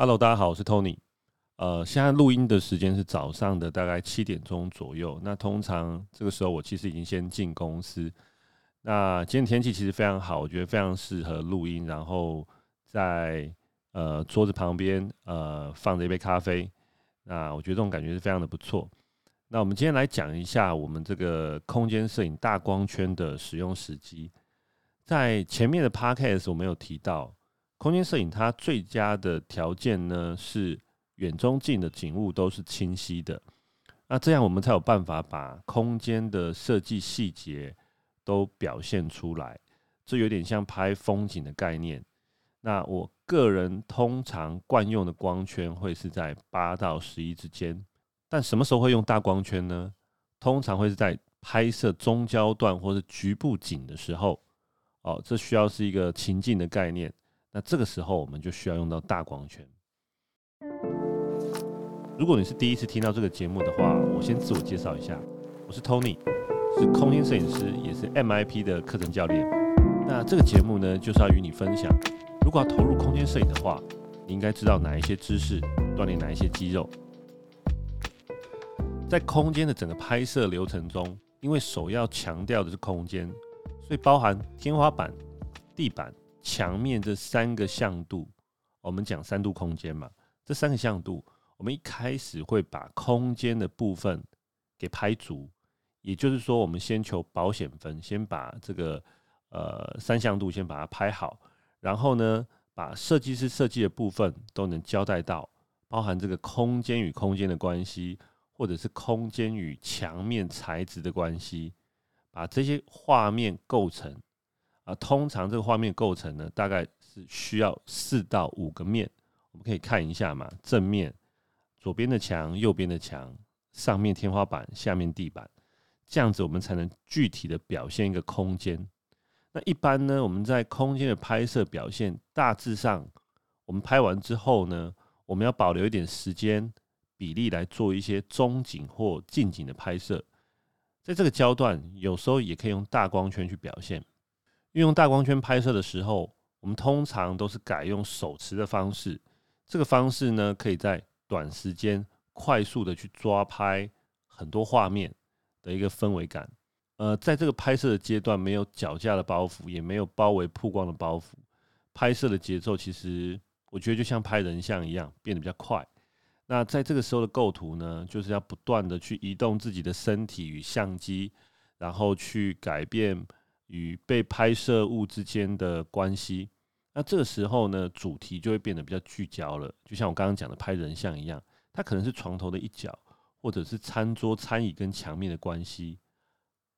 Hello，大家好，我是 Tony。呃，現在錄音的時間是早上的大概七點鐘左右。那通常這個時候，我其實已經先進公司。那今天天氣其實非常好，我覺得非常適合錄音。然後在呃桌子旁邊呃放着一杯咖啡，那我覺得這種感覺是非常的不錯。那我們今天來講一下我們這個空間攝影大光圈的使用時機。在前面的 Podcast 我沒有提到。空間攝影它最佳的條件呢是遠中近的景物都是清晰的，那這樣我們才有辦法把空間的設計細節都表現出來。這有點像拍風景的概念。那我個人通常慣用的光圈會是在八到十一之間。但什麼時候會用大光圈呢？通常會是在拍攝中焦段或是局部景的時候。哦，這需要是一個情境的概念。那這個時候我們就需要用到大光圈。如果你是第一次聽到這個節目的話，我先自我介紹一下，我是 Tony，是空間攝影師，也是 MIP 的課程教練。那這個節目呢，就是要與你分享，如果要投入空間攝影的話，你應該知道哪一些知識，鍛鍊哪一些肌肉。在空間的整個拍攝流程中，因為首要強調的是空間，所以包含天花板、地板。牆面這三個向度，我們講三度空間嘛。這三個向度，我們一開始會把空間的部分給拍足，也就是說，我們先求保險分，先把這個呃三向度先把它拍好，然後呢，把設計師設計的部分都能交代到，包含這個空間與空間的關係，或者是空間與牆面材質的關係，把這些畫面構成。啊，通常這個畫面構成呢，大概是需要四到五個面，我們可以看一下嘛，正面、左邊的牆、右邊的牆、上面天花板、下面地板，這樣子我們才能具體的表現一個空間。那一般呢，我們在空間的拍攝表現，大致上我們拍完之後呢，我們要保留一點時間比例來做一些中景或近景的拍攝，在這個焦段，有時候也可以用大光圈去表現。運用大光圈拍攝的時候，我們通常都是改用手持的方式。這個方式呢，可以在短時間快速的去抓拍很多畫面的一個氛圍感。呃，在這個拍攝的階段，沒有腳架的包袱，也沒有包圍曝光的包袱，拍攝的節奏其實我覺得就像拍人像一樣，變得比較快。那在這個時候的構圖呢，就是要不斷的去移動自己的身體與相機，然後去改變。與被拍攝物之間的關係，那這個時候呢，主題就會變得比較聚焦了。就像我剛剛講的拍人像一樣，它可能是床頭的一角，或者是餐桌、餐椅跟牆面的關係。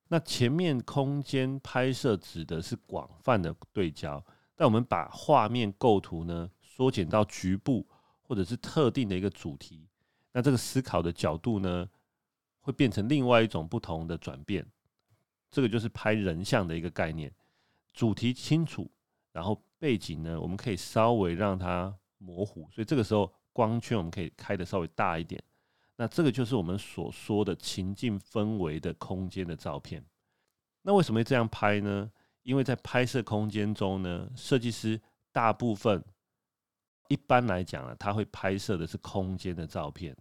那前面空間拍攝指的是廣泛的對焦，但我們把畫面構圖呢縮減到局部，或者是特定的一個主題，那這個思考的角度呢，會變成另外一種不同的轉變。這個就是拍人像的一個概念，主題清楚，然後背景呢，我們可以稍微讓它模糊，所以這個時候光圈我們可以開得稍微大一點。那這個就是我們所說的情境氛圍的空間的照片。那為什麼會這樣拍呢？因為在拍攝空間中呢，設計師大部分一般來講啊，他會拍攝的是空間的照片。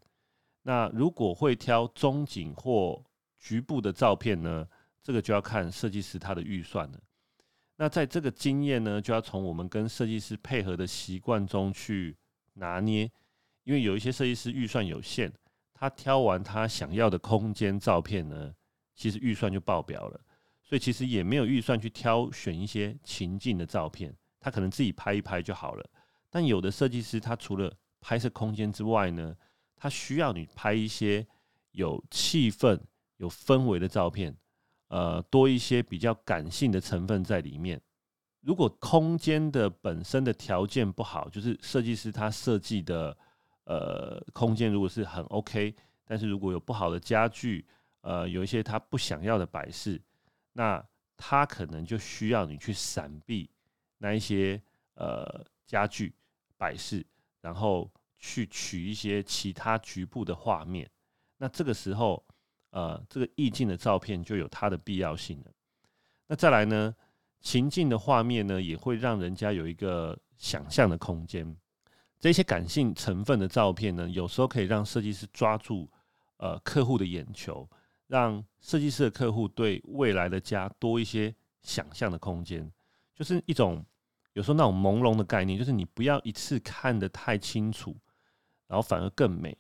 那如果會挑中景或局部的照片呢？這個就要看設計師他的預算了。那在這個經驗呢，就要從我們跟設計師配合的習慣中去拿捏，因為有一些設計師預算有限，他挑完他想要的空間照片呢，其實預算就爆表了，所以其實也沒有預算去挑選一些情境的照片，他可能自己拍一拍就好了。但有的設計師他除了拍攝空間之外呢，他需要你拍一些有氣氛、有氛圍的照片。呃，多一些比較感性的成分在裡面。如果空間的本身的條件不好，就是設計師他設計的呃空間如果是很 OK，但是如果有不好的家具，呃，有一些他不想要的擺飾，那他可能就需要你去閃避那一些呃家具擺飾，然後去取一些其他局部的畫面。那這個時候。呃，這個意境的照片就有它的必要性了。那再來呢，情境的畫面呢，也會讓人家有一個想象的空間。這些感性成分的照片呢，有時候可以讓設計師抓住呃客戶的眼球，讓設計師的客戶對未來的家多一些想象的空間，就是一種有時候那種朦朧的概念，就是你不要一次看得太清楚，然後反而更美。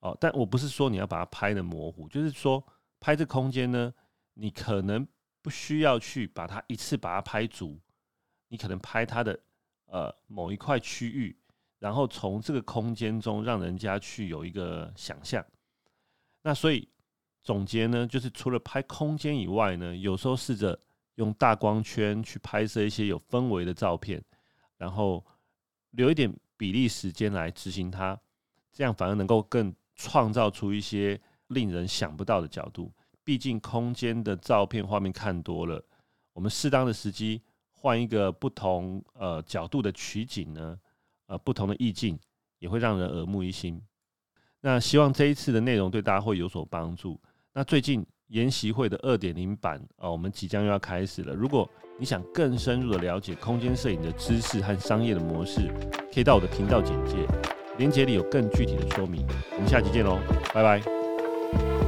哦，但我不是說你要把它拍得模糊，就是說拍這空間呢，你可能不需要去把它一次把它拍足，你可能拍它的呃某一塊區域，然後從這個空間中讓人家去有一個想象。那所以總結呢，就是除了拍空間以外呢，有時候試着用大光圈去拍攝一些有氛圍的照片，然後留一點比例時間來執行它，這樣反而能夠更，創造出一些令人想不到的角度。畢竟空間的照片畫面看多了，我們適當的時機換一個不同呃角度的取景呢，呃不同的意境也會讓人耳目一新。那希望這一次的內容對大家會有所幫助。那最近研習會的二點零版啊，我們即將又要開始了。如果你想更深入的了解空間攝影的知識和商業的模式，可以到我的頻道簡介。連結裡有更具體的說明，我們下期見嘍，拜拜。